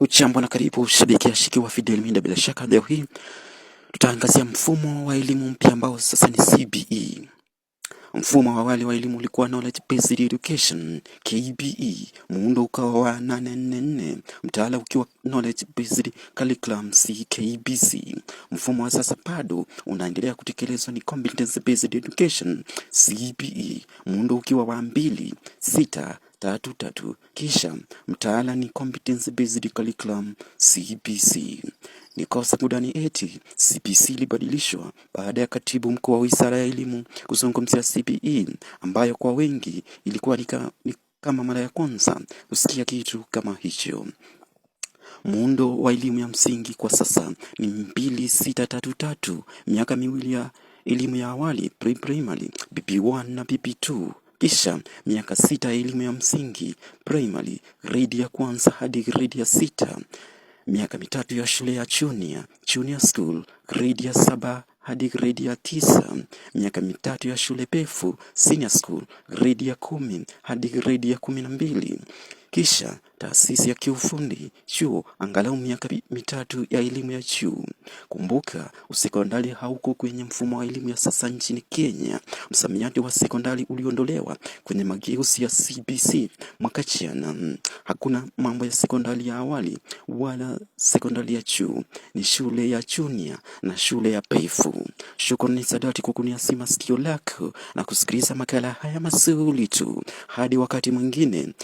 Uchambo na karibu shabiki shiki wa Fidel Minda. Bila shaka leo hii tutaangazia mfumo wa elimu mpya ambao sasa ni CBE. Mfumo wa awali wa elimu ulikuwa knowledge based education KBE, muundo ukawa wa 844, mtaala ukiwa knowledge based curriculum CKBC. Mfumo wa sasa bado unaendelea kutekelezwa ni competence based education CBE, muundo ukiwa wa 2 6 tatu tatu. Kisha mtaala ni competence based curriculum CBC. Ni kosa ni eti CBC ilibadilishwa baada ya katibu mkuu wa Wizara ya Elimu kuzungumzia CBE ambayo kwa wengi ilikuwa ni, nika, ni kama mara ya kwanza kusikia kitu kama hicho. Muundo wa elimu ya msingi kwa sasa ni mbili sita tatu tatu, miaka miwili ya elimu ya awali pre-primary, bp 1 na bp 2 kisha miaka sita ya elimu ya msingi primary, gredi ya kwanza hadi gredi ya sita. Miaka mitatu ya shule ya junior, junior school, gredi ya saba hadi gredi ya tisa. Miaka mitatu ya shule pefu senior school, gredi ya kumi hadi gredi ya kumi na mbili. Kisha taasisi ya kiufundi chuo, angalau miaka mitatu ya elimu ya juu. Kumbuka, usekondari hauko kwenye mfumo wa elimu ya sasa nchini Kenya. Msamiati wa sekondari uliondolewa kwenye mageuzi ya CBC mwaka jana. Hakuna mambo ya sekondari ya awali wala sekondari ya juu, ni shule ya junior na shule ya pevu. Shukrani Sadati kwa kuniasima sikio lako na kusikiliza makala haya mazuri tu. Hadi wakati mwingine.